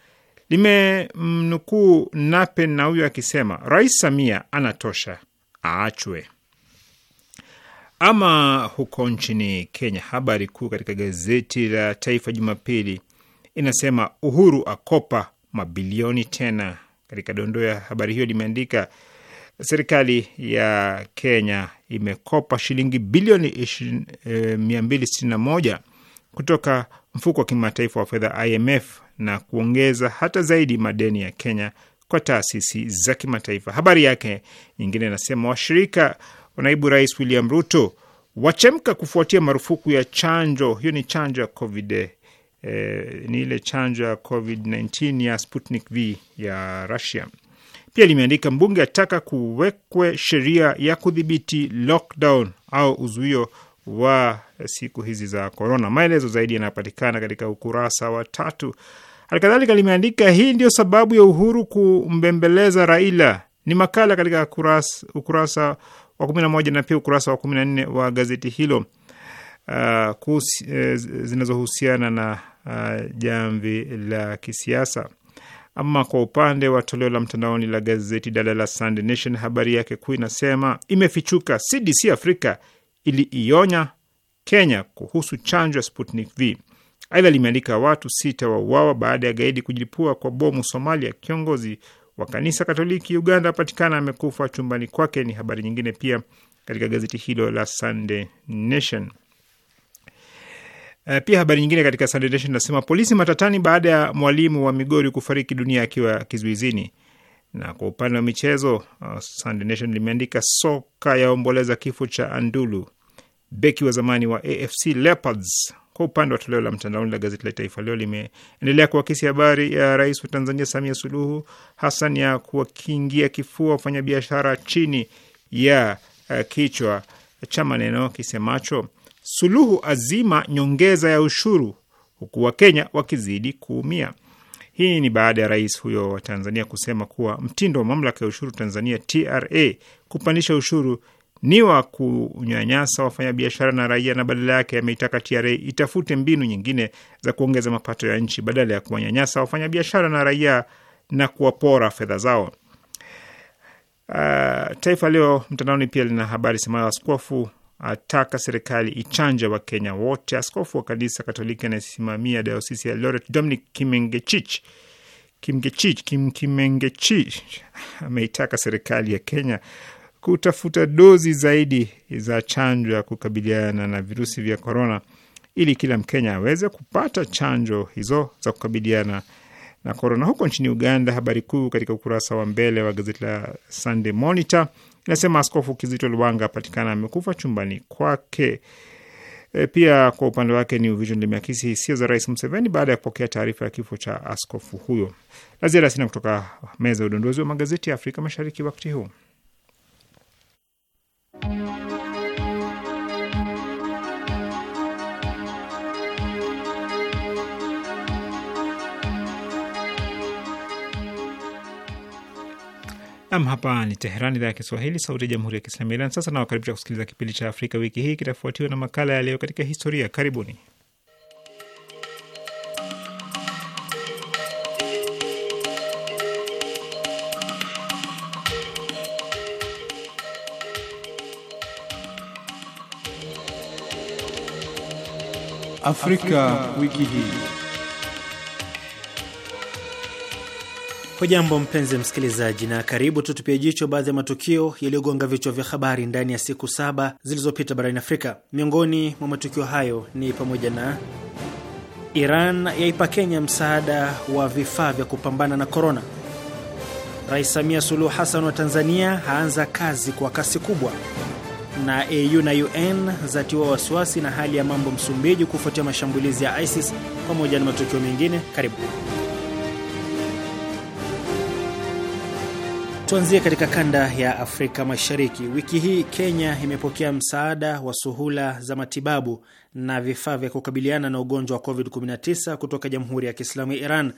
limemnukuu Nape Nnauye akisema Rais Samia anatosha aachwe. Ama huko nchini Kenya, habari kuu katika gazeti la Taifa Jumapili inasema Uhuru akopa mabilioni tena. Katika dondoo ya habari hiyo limeandika serikali ya Kenya imekopa shilingi bilioni 261 eh, kutoka mfuko wa kimataifa wa fedha IMF na kuongeza hata zaidi madeni ya Kenya kwa taasisi za kimataifa. Habari yake nyingine inasema washirika wa naibu rais William Ruto wachemka kufuatia marufuku ya chanjo. Hiyo ni chanjo ya covid eh, ni ile chanjo ya covid-19 ya Sputnik V ya Russia. Pia limeandika mbunge ataka kuwekwe sheria ya kudhibiti lockdown au uzuio wa siku hizi za korona. Maelezo zaidi yanapatikana katika ukurasa wa tatu Halikadhalika limeandika hii ndio sababu ya Uhuru kumbembeleza Raila, ni makala katika kurasa, ukurasa wa 11 na pia ukurasa wa 14 wa gazeti hilo uh, eh, zinazohusiana na uh, jamvi la kisiasa. Ama kwa upande wa toleo la mtandaoni la gazeti dada la Sunday Nation, habari yake kuu inasema imefichuka, CDC Afrika iliionya Kenya kuhusu chanjo ya Sputnik V. Aidha limeandika watu sita wauawa baada ya gaidi kujilipua kwa bomu Somalia. Kiongozi wa kanisa Katoliki Uganda apatikana amekufa chumbani kwake, ni habari nyingine pia katika gazeti hilo la Sunday Nation. Eh, pia habari nyingine katika Sunday Nation nasema polisi matatani baada ya mwalimu wa Migori kufariki dunia akiwa kizuizini. Na kwa upande wa michezo, uh, Sunday Nation limeandika soka yaomboleza kifo cha Andulu, beki wa zamani wa AFC Leopards kwa upande wa toleo la mtandaoni la gazeti la Taifa Leo limeendelea kuakisi habari ya rais wa Tanzania Samia Suluhu Hassan ya kuwakingia kifua wafanyabiashara chini ya uh, kichwa cha maneno kisemacho Suluhu azima nyongeza ya ushuru huku Wakenya wakizidi kuumia. Hii ni baada ya rais huyo wa Tanzania kusema kuwa mtindo wa mamlaka ya ushuru Tanzania TRA kupandisha ushuru ni wa kunyanyasa wafanyabiashara na raia, na badala yake ameitaka TRA itafute mbinu nyingine za kuongeza mapato ya nchi badala ya kuwanyanyasa wafanyabiashara na raia na kuwapora fedha zao. Uh, Taifa Leo mtandaoni pia lina habari semayo askofu ataka serikali ichanja Kenya wote. Askofu wa kanisa Katoliki anayesimamia dayosisi ya Loret Dominic Kimengechich Kimengechich Kim Kimengechich ameitaka serikali ya Kenya kutafuta dozi zaidi za chanjo ya kukabiliana na virusi vya korona ili kila Mkenya aweze kupata chanjo hizo za kukabiliana na korona. Huko nchini Uganda, habari kuu katika ukurasa wa mbele wa gazeti la Sunday Monitor inasema Askofu Kizito Lwanga apatikana amekufa chumbani kwake. E, pia kwa upande wake New Vision limeakisi hisia za Rais Museveni baada ya kupokea taarifa ya kifo cha askofu huyo. La ziada sina kutoka meza ya udondozi wa magazeti ya Afrika Mashariki wakati huu. Nam, hapa ni teheran idhaa ya Kiswahili, sauti ya jamhuri ya kiislamu ya Iran. Sasa nawakaribisha kusikiliza kipindi cha Afrika wiki hii, kitafuatiwa na makala ya leo katika historia. Karibuni. Afrika wiki hii. Hujambo mpenzi msikilizaji, na karibu tutupia jicho baadhi ya matukio yaliyogonga vichwa vya habari ndani ya siku saba zilizopita barani Afrika. Miongoni mwa matukio hayo ni pamoja na Iran yaipa Kenya msaada wa vifaa vya kupambana na korona, Rais Samia Suluhu Hassan wa Tanzania haanza kazi kwa kasi kubwa na AU na UN zatiwa wasiwasi na hali ya mambo Msumbiji kufuatia mashambulizi ya ISIS pamoja na matukio mengine. Karibu tuanzie katika kanda ya Afrika Mashariki. Wiki hii Kenya imepokea msaada wa suhula za matibabu na vifaa vya kukabiliana na ugonjwa wa COVID-19 kutoka Jamhuri ya Kiislamu ya Iran.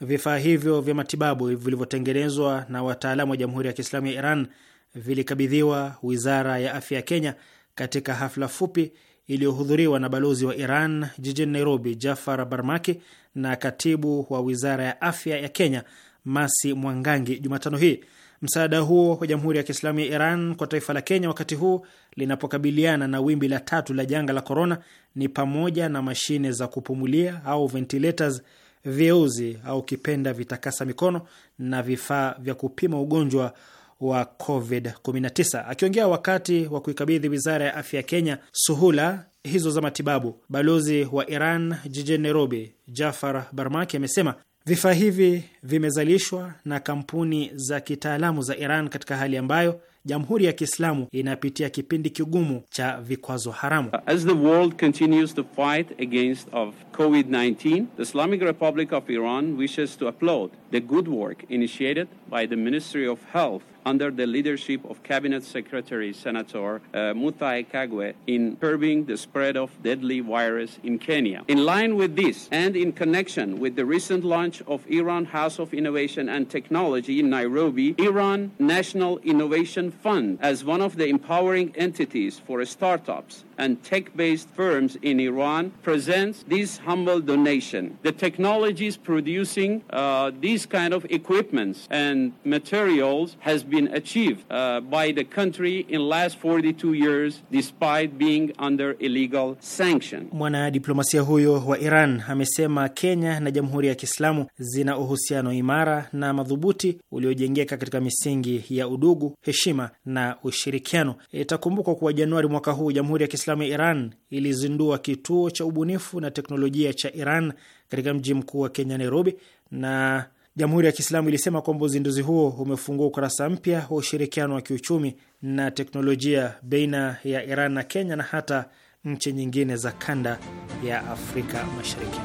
Vifaa hivyo vya matibabu vilivyotengenezwa na wataalamu wa Jamhuri ya Kiislamu ya Iran vilikabidhiwa wizara ya afya ya Kenya katika hafla fupi iliyohudhuriwa na balozi wa Iran jijini Nairobi, Jafar Barmaki, na katibu wa wizara ya afya ya Kenya, Masi Mwangangi, Jumatano hii. Msaada huo wa Jamhuri ya Kiislamu ya Iran kwa taifa la Kenya wakati huu linapokabiliana na wimbi la tatu la janga la korona ni pamoja na mashine za kupumulia au ventilators, vyeuzi au kipenda vitakasa mikono na vifaa vya kupima ugonjwa wa COVID-19. Akiongea wakati wa kuikabidhi wizara ya afya ya Kenya suhula hizo za matibabu, balozi wa Iran jijini Nairobi, Jafar Barmaki, amesema vifaa hivi vimezalishwa na kampuni za kitaalamu za Iran katika hali ambayo Jamhuri ya Kiislamu inapitia kipindi kigumu cha vikwazo haramu. As the world continues to fight against of COVID-19, the Islamic Republic of Iran wishes to applaud the good work initiated by the Ministry of Health under the leadership of Cabinet Secretary Senator uh, Kagwe in curbing the spread of deadly virus in Kenya. In line with this, and in connection with the recent launch of Iran House of Innovation and Technology in Nairobi, Iran National Innovation Fund as one of the empowering entities for startups and tech-based firms in Iran presents this humble donation. The technologies producing uh, these kind of equipments and materials has been been achieved uh, by the country in last 42 years despite being under illegal sanction. Mwanadiplomasia huyo wa Iran amesema Kenya na Jamhuri ya Kiislamu zina uhusiano imara na madhubuti uliojengeka katika misingi ya udugu, heshima na ushirikiano. Itakumbukwa kuwa Januari mwaka huu Jamhuri ya Kiislamu ya Iran ilizindua kituo cha ubunifu na teknolojia cha Iran katika mji mkuu wa Kenya Nairobi na Jamhuri ya Kiislamu ilisema kwamba uzinduzi huo umefungua ukurasa mpya wa ushirikiano wa kiuchumi na teknolojia baina ya Iran na Kenya na hata nchi nyingine za kanda ya Afrika Mashariki.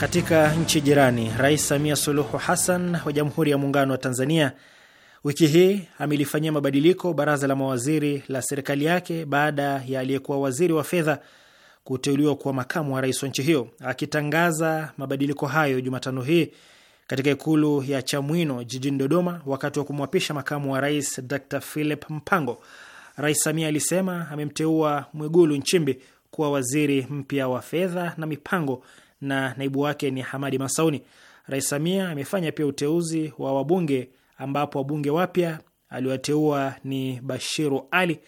Katika nchi jirani, Rais Samia Suluhu Hassan wa Jamhuri ya Muungano wa Tanzania wiki hii amelifanyia mabadiliko baraza la mawaziri la serikali yake baada ya aliyekuwa waziri wa fedha kuteuliwa kuwa makamu wa rais wa nchi hiyo. Akitangaza mabadiliko hayo Jumatano hii katika ikulu ya Chamwino jijini Dodoma, wakati wa kumwapisha makamu wa rais Dr Philip Mpango, Rais Samia alisema amemteua Mwigulu Nchimbi kuwa waziri mpya wa fedha na mipango na naibu wake ni Hamadi Masauni. Rais Samia amefanya pia uteuzi wa wabunge ambapo wabunge wapya aliwateua ni Bashiru Ali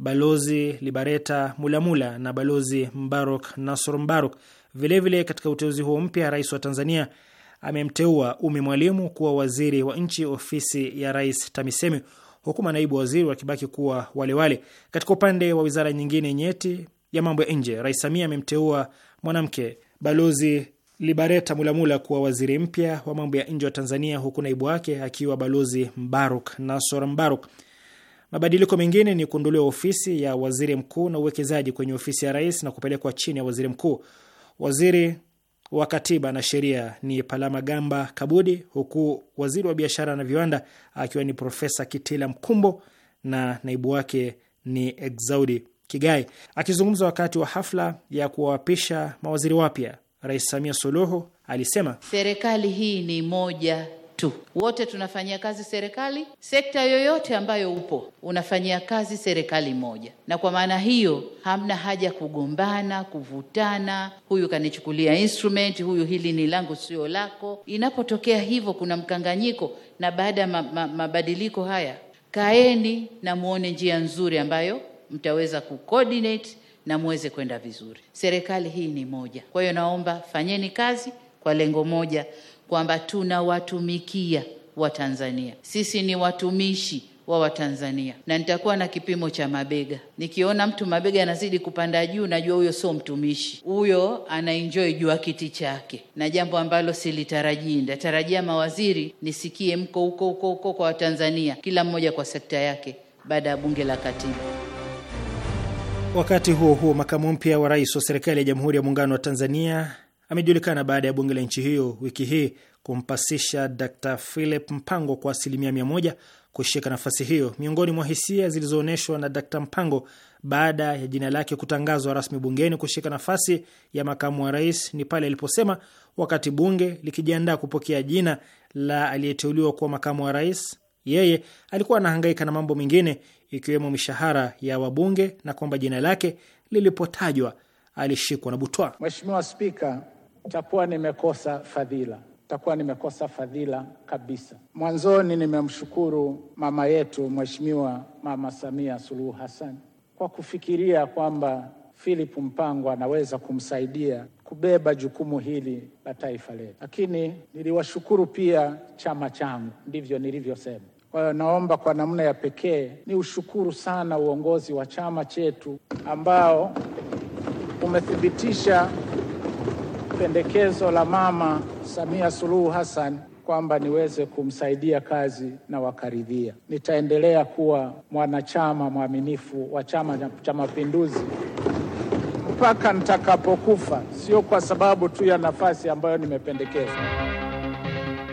balozi Libareta Mulamula na balozi Mbarok Nasor Mbarok. Vilevile vile katika uteuzi huo mpya, rais wa Tanzania amemteua Umi Mwalimu kuwa waziri wa nchi ofisi ya rais TAMISEMI, huku manaibu waziri wakibaki kuwa walewale wale. Katika upande wa wizara nyingine nyeti ya mambo ya nje, rais Samia amemteua mwanamke balozi Libareta Mulamula kuwa waziri mpya wa mambo ya nje wa Tanzania, huku naibu wake akiwa balozi Mbaruk Nasor Mbaruk. Mabadiliko mengine ni kuondolewa ofisi ya waziri mkuu na uwekezaji kwenye ofisi ya rais na kupelekwa chini ya waziri mkuu. Waziri wa katiba na sheria ni Palamagamba Kabudi, huku waziri wa biashara na viwanda akiwa ni Profesa Kitila Mkumbo na naibu wake ni Exaudi Kigai. Akizungumza wakati wa hafla ya kuwaapisha mawaziri wapya, Rais Samia Suluhu alisema serikali hii ni moja tu. Wote tunafanyia kazi serikali, sekta yoyote ambayo upo unafanyia kazi serikali moja, na kwa maana hiyo hamna haja kugombana, kuvutana, huyu kanichukulia instrument, huyu hili ni langu sio lako. Inapotokea hivyo, kuna mkanganyiko, na baada ya ma, ma, mabadiliko haya, kaeni na muone njia nzuri ambayo mtaweza kucoordinate na muweze kwenda vizuri. Serikali hii ni moja, kwa hiyo naomba fanyeni kazi kwa lengo moja kwamba tunawatumikia Watanzania, sisi ni watumishi wa Watanzania na nitakuwa na kipimo cha mabega. Nikiona mtu mabega yanazidi kupanda juu, najua huyo sio mtumishi, huyo anaenjoy jua kiti chake, na jambo ambalo silitarajii. Nitatarajia mawaziri, nisikie mko huko huko huko kwa Watanzania, kila mmoja kwa sekta yake, baada ya bunge la katiba. Wakati huo huo, makamu mpya wa rais wa serikali ya Jamhuri ya Muungano wa Tanzania amejulikana baada ya bunge la nchi hiyo wiki hii kumpasisha Dr Philip Mpango kwa asilimia mia moja kushika nafasi hiyo. Miongoni mwa hisia zilizoonyeshwa na Dr Mpango baada ya jina lake kutangazwa rasmi bungeni kushika nafasi ya makamu wa rais ni pale aliposema wakati bunge likijiandaa kupokea jina la aliyeteuliwa kuwa makamu wa rais, yeye alikuwa anahangaika na mambo mengine ikiwemo mishahara ya wabunge na kwamba jina lake lilipotajwa alishikwa na butwa. Mheshimiwa Spika, nitakuwa nimekosa fadhila, nitakuwa nimekosa fadhila kabisa. Mwanzoni nimemshukuru mama yetu Mheshimiwa Mama Samia Suluhu Hassan kwa kufikiria kwamba Philip Mpango anaweza kumsaidia kubeba jukumu hili la taifa letu, lakini niliwashukuru pia chama changu, ndivyo nilivyosema. Kwa hiyo naomba kwa namna ya pekee ni ushukuru sana uongozi wa chama chetu ambao umethibitisha pendekezo la Mama Samia Suluhu Hassan kwamba niweze kumsaidia kazi na wakaridhia. Nitaendelea kuwa mwanachama mwaminifu wa Chama cha Mapinduzi mpaka nitakapokufa, sio kwa sababu tu ya nafasi ambayo nimependekezwa.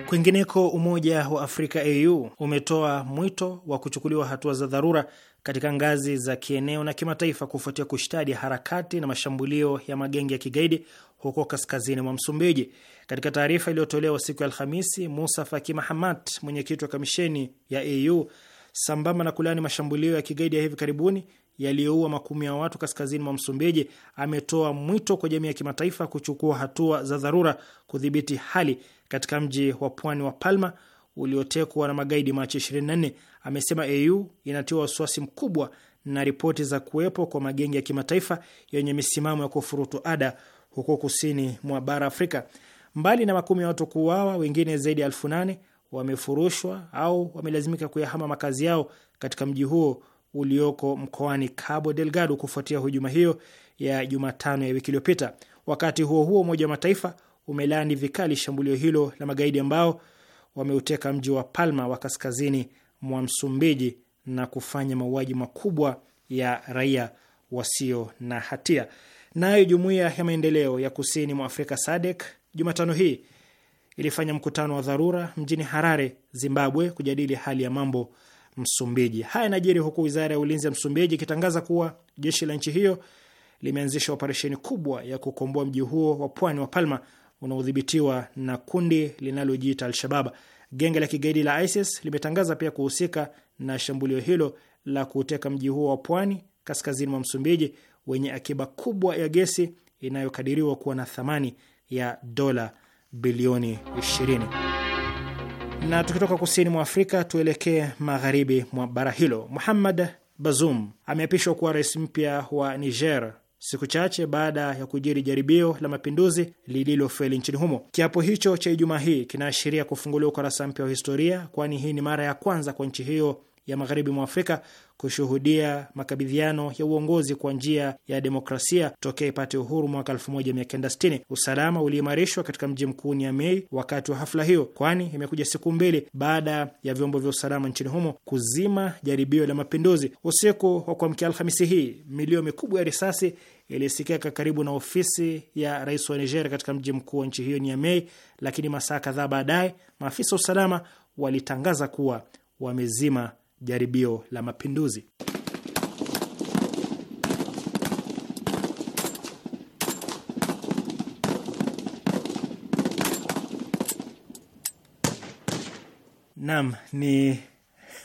Kwingineko, Umoja wa Afrika AU umetoa mwito wa kuchukuliwa hatua za dharura katika ngazi za kieneo na kimataifa kufuatia kushtadi harakati na mashambulio ya magenge ya kigaidi huko kaskazini mwa Msumbiji. Katika taarifa iliyotolewa siku ya Alhamisi, Musa Faki Mahamat, mwenyekiti wa kamisheni ya AU, sambamba na kulani mashambulio ya kigaidi ya hivi karibuni yaliyoua makumi ya watu kaskazini mwa Msumbiji, ametoa mwito kwa jamii ya kimataifa kuchukua hatua za dharura kudhibiti hali katika mji wa pwani wa Palma uliotekwa na magaidi Machi 24, amesema AU inatiwa wasiwasi mkubwa na ripoti za kuwepo kwa magenge ya kimataifa yenye misimamo ya kufurutu ada huko kusini mwa bara Afrika. Mbali na makumi ya watu kuuawa, wengine zaidi ya elfu nane wamefurushwa au wamelazimika kuyahama makazi yao katika mji huo ulioko mkoani Cabo Delgado kufuatia hujuma hiyo ya Jumatano ya wiki iliyopita. Wakati huo huo, Umoja wa Mataifa umelaani vikali shambulio hilo la magaidi ambao wameuteka mji wa Palma wa kaskazini mwa Msumbiji na kufanya mauaji makubwa ya raia wasio na hatia. Nayo jumuiya ya maendeleo ya kusini mwa Afrika SADC Jumatano hii ilifanya mkutano wa dharura mjini Harare, Zimbabwe, kujadili hali ya mambo Msumbiji. Haya najiri huku wizara ya ulinzi ya Msumbiji ikitangaza kuwa jeshi la nchi hiyo limeanzisha operesheni kubwa ya kukomboa mji huo wa pwani wa Palma unaodhibitiwa na kundi linalojiita Al-Shabab. Genge la kigaidi la ISIS limetangaza pia kuhusika na shambulio hilo la kuuteka mji huo wa pwani kaskazini mwa Msumbiji wenye akiba kubwa ya gesi inayokadiriwa kuwa na thamani ya dola bilioni 20. Na tukitoka kusini mwa Afrika tuelekee magharibi mwa bara hilo. Muhammad Bazoum ameapishwa kuwa rais mpya wa Niger siku chache baada ya kujiri jaribio la mapinduzi lililofeli nchini humo. Kiapo hicho cha Ijumaa hii kinaashiria kufunguliwa ukurasa mpya wa historia, kwani hii ni mara ya kwanza kwa nchi hiyo ya magharibi mwa Afrika kushuhudia makabidhiano ya uongozi kwa njia ya demokrasia tokea ipate uhuru mwaka 1960. Usalama uliimarishwa katika mji mkuu Niamey wakati wa hafla hiyo, kwani imekuja siku mbili baada ya vyombo vya usalama nchini humo kuzima jaribio la mapinduzi. Usiku wa kuamkia Alhamisi hii, milio mikubwa ya risasi ilisikika karibu na ofisi ya rais wa Niger katika mji mkuu wa nchi hiyo Niamey, lakini masaa kadhaa baadaye maafisa wa usalama walitangaza kuwa wamezima jaribio la mapinduzi. Naam, ni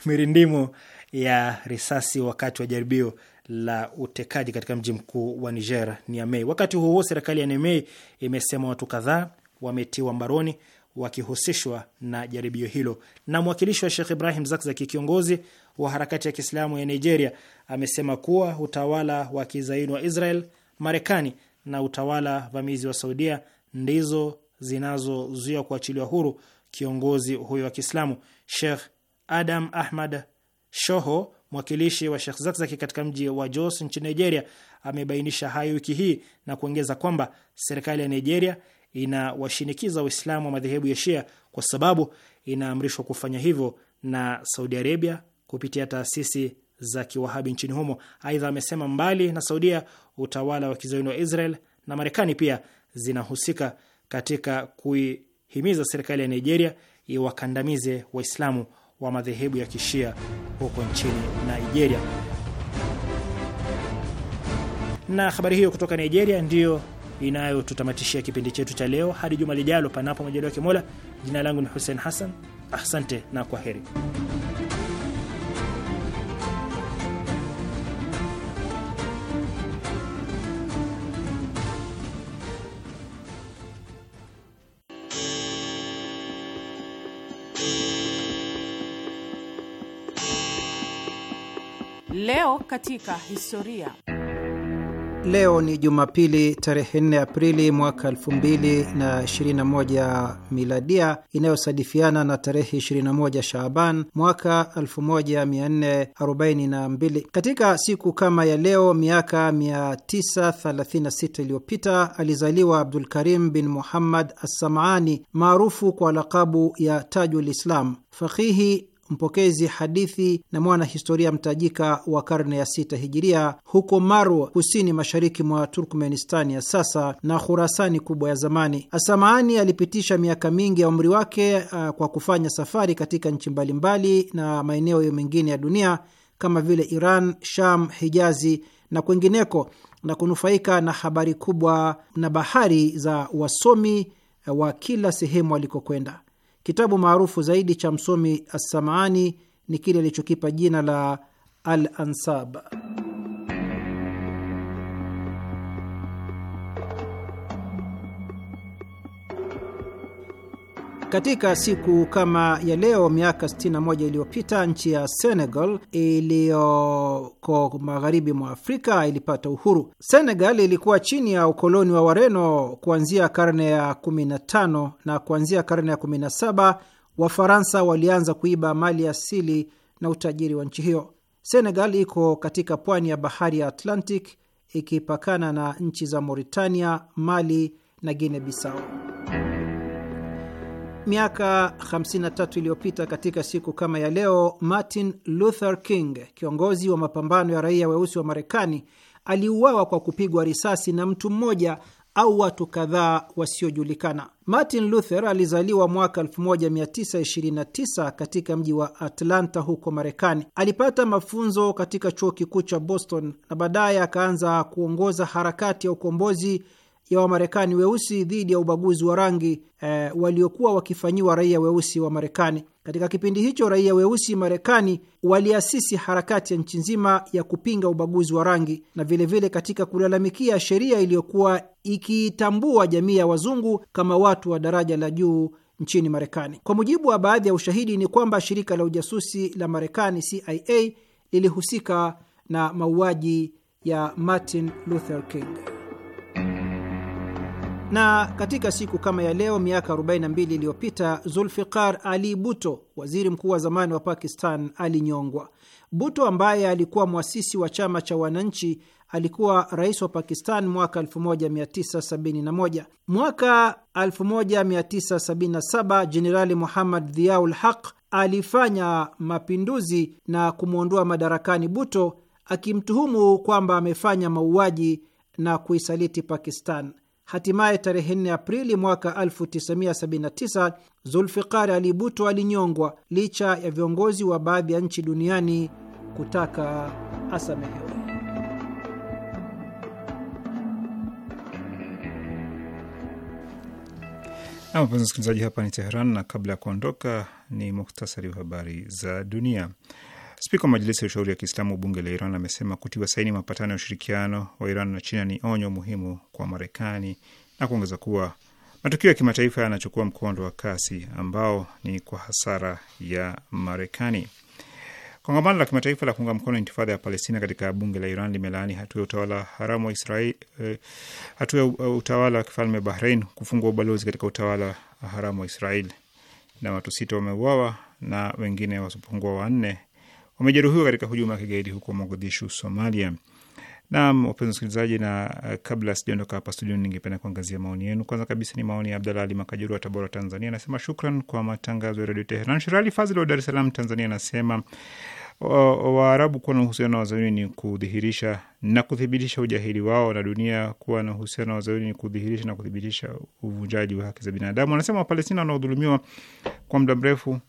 mirindimo ya risasi wakati wa jaribio la utekaji katika mji mkuu wa Niger, Niamey. Wakati huo huo, serikali ya Niamey imesema watu kadhaa wametiwa mbaroni wakihusishwa na jaribio hilo. Na mwakilishi wa Sheikh Ibrahim Zakzaki, kiongozi wa harakati ya Kiislamu ya Nigeria, amesema kuwa utawala wa kizaini wa Israel, Marekani na utawala vamizi wa Saudia ndizo zinazozuia kuachiliwa huru kiongozi huyo wa Kiislamu. Sheikh Adam Ahmad Shoho, mwakilishi wa Sheikh Zakzaki katika mji wa Jos nchini Nigeria, amebainisha hayo wiki hii na kuongeza kwamba serikali ya Nigeria inawashinikiza Waislamu wa madhehebu ya Shia kwa sababu inaamrishwa kufanya hivyo na Saudi Arabia kupitia taasisi za kiwahabi nchini humo. Aidha, amesema mbali na Saudia, utawala wa kizayuni wa Israel na Marekani pia zinahusika katika kuihimiza serikali ya Nigeria iwakandamize Waislamu wa madhehebu ya kishia huko nchini Nigeria. Na habari hiyo kutoka Nigeria ndiyo inayotutamatishia kipindi chetu cha leo. Hadi juma lijalo, panapo majaliwa ya Kimola. Jina langu ni Hussein Hassan, asante na kwa heri. Leo katika historia Leo ni Jumapili tarehe 4 Aprili mwaka 2021 miladia inayosadifiana na tarehe 21 Shaaban mwaka 1442. Katika siku kama ya leo miaka 936 iliyopita alizaliwa Abdul Karim bin Muhammad Assamani maarufu kwa lakabu ya Tajul Islam, fakihi mpokezi hadithi na mwana historia mtajika wa karne ya sita hijiria, huko Marw kusini mashariki mwa Turkmenistani ya sasa na Khurasani kubwa ya zamani. Asamaani alipitisha miaka mingi ya umri wake uh, kwa kufanya safari katika nchi mbalimbali na maeneo mengine ya dunia kama vile Iran, Sham, Hijazi na kwengineko na kunufaika na habari kubwa na bahari za wasomi uh, wa kila sehemu alikokwenda. Kitabu maarufu zaidi cha msomi Assamani ni kile alichokipa jina la Al Ansab. Katika siku kama ya leo miaka 61 iliyopita nchi ya Senegal iliyoko magharibi mwa Afrika ilipata uhuru. Senegal ilikuwa chini ya ukoloni wa Wareno kuanzia karne ya 15 na kuanzia karne ya 17 Wafaransa walianza kuiba mali asili na utajiri wa nchi hiyo. Senegal iko katika pwani ya bahari ya Atlantic ikipakana na nchi za Mauritania, Mali na Guinea Bissau. Miaka 53 iliyopita katika siku kama ya leo, Martin Luther King, kiongozi wa mapambano ya raia weusi wa Marekani, aliuawa kwa kupigwa risasi na mtu mmoja au watu kadhaa wasiojulikana. Martin Luther alizaliwa mwaka 1929 katika mji wa Atlanta huko Marekani. Alipata mafunzo katika chuo kikuu cha Boston na baadaye akaanza kuongoza harakati ya ukombozi ya Wamarekani weusi dhidi ya ubaguzi wa rangi eh, waliokuwa wakifanyiwa raia weusi wa Marekani. Katika kipindi hicho raia weusi Marekani waliasisi harakati ya nchi nzima ya kupinga ubaguzi wa rangi na vilevile vile katika kulalamikia sheria iliyokuwa ikitambua jamii ya wazungu kama watu wa daraja la juu nchini Marekani. Kwa mujibu wa baadhi ya ushahidi ni kwamba shirika la ujasusi la Marekani CIA lilihusika na mauaji ya Martin Luther King. Na katika siku kama ya leo miaka 42 iliyopita zulfiqar Ali Buto, waziri mkuu wa zamani wa Pakistan, alinyongwa. Buto ambaye alikuwa mwasisi wa chama cha wananchi alikuwa rais wa Pakistan mwaka 1971. Mwaka 1977 Jenerali Muhammad Dhiaul Haq alifanya mapinduzi na kumwondoa madarakani Buto, akimtuhumu kwamba amefanya mauaji na kuisaliti Pakistan. Hatimaye tarehe 4 Aprili mwaka 1979 Zulfikari Ali Bhutto alinyongwa licha ya viongozi wa baadhi ya nchi duniani kutaka asamehewe. Na mpenzi msikilizaji, hapa ni Teheran, na kabla ya kuondoka ni muhtasari wa habari za dunia. Spika wa Majlisi ya Ushauri ya Kiislamu bunge la Iran amesema kutiwa saini mapatano ya ushirikiano wa Iran na China ni onyo muhimu kwa Marekani na kuongeza kuwa matukio ya kimataifa yanachukua mkondo wa kasi ambao ni kwa hasara ya Marekani. Kongamano la kimataifa la kuunga mkono intifadha ya Palestina katika bunge la Iran limelaani hatua ya utawala haramu wa Israeli, eh, hatua ya utawala wa kifalme Bahrain kufungua ubalozi katika utawala haramu wa israel na watu sita wameuawa na wengine wasiopungua wanne wamejeruhiwa katika hujuma ya kigaidi huko Mogadishu, Somalia. Naam, wapenzi wasikilizaji, na eh, kabla sijaondoka hapa studioni, ningependa kuangazia maoni yenu. Kwanza kabisa ni maoni ya Abdalla Ali Makajuru wa Tabora, Tanzania, anasema shukran kwa matangazo ya redio Teheran. Shirali Fazil wa Dar es Salaam, Tanzania, anasema Waarabu kuwa na uhusiano na wazayuni ni kudhihirisha na kuthibitisha ujahili wao, na dunia kuwa na uhusiano na wazayuni ni kudhihirisha na kuthibitisha uvunjaji wa haki za binadamu. Anasema Wapalestina wanaodhulumiwa kwa muda mrefu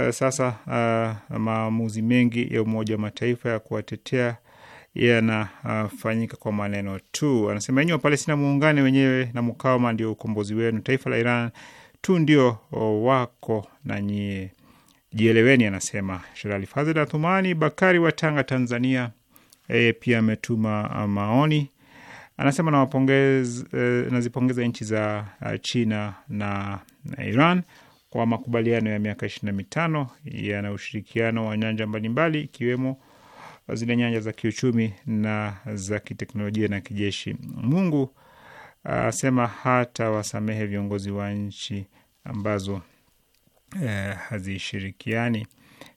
Eh, sasa uh, maamuzi mengi ya Umoja wa Mataifa ya kuwatetea yanafanyika kwa maneno tu. Anasema enyi Wapalestina, muungane wenyewe na mukawama, ndio ukombozi wenu. Taifa la Iran tu ndio wako na nyie, jieleweni. Anasema Sherali Fadhil Athumani Bakari wa Tanga, Tanzania. Yeye pia ametuma ah, maoni, anasema nawapongeza, eh, nazipongeza nchi za ah, China na Iran kwa makubaliano ya miaka ishirini na mitano yana ushirikiano wa nyanja mbalimbali ikiwemo zile nyanja za kiuchumi na za kiteknolojia na kijeshi. Mungu asema hata wasamehe viongozi wa nchi ambazo uh, hazishirikiani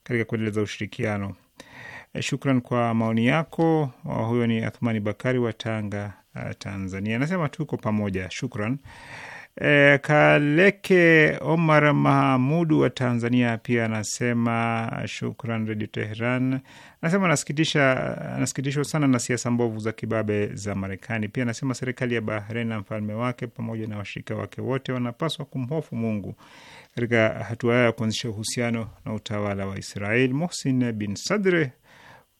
katika kuendeleza ushirikiano. Uh, shukran kwa maoni yako. Huyo ni Athmani Bakari wa Tanga, eh, Tanzania, anasema tuko pamoja. Shukran. E, Kaleke Omar Mahamudu wa Tanzania pia anasema shukran Redio tehran Anasema anasikitisha, anasikitishwa sana na siasa mbovu za kibabe za Marekani. Pia anasema serikali ya Bahrain na mfalme wake pamoja na washirika wake wote wanapaswa kumhofu Mungu katika hatua yao ya kuanzisha uhusiano na utawala wa Israel. Mohsin bin Sadre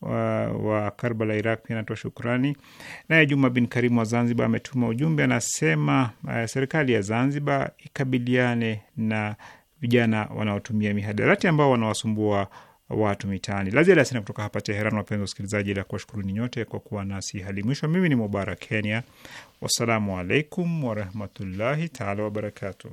wa, wa Karbala, Iraq, pia anatoa shukrani. Naye Juma bin Karimu wa Zanzibar ametuma ujumbe, anasema uh, serikali ya Zanzibar ikabiliane na vijana wanaotumia mihadarati ambao wanawasumbua watu mitaani. La ziada sina kutoka hapa Teheran, wapenzi wasikilizaji, la kuwashukuruni nyote kwa kuwa nasi hadi mwisho. Mimi ni Mubarak Kenya, wassalamu alaikum warahmatullahi taala wabarakatuh.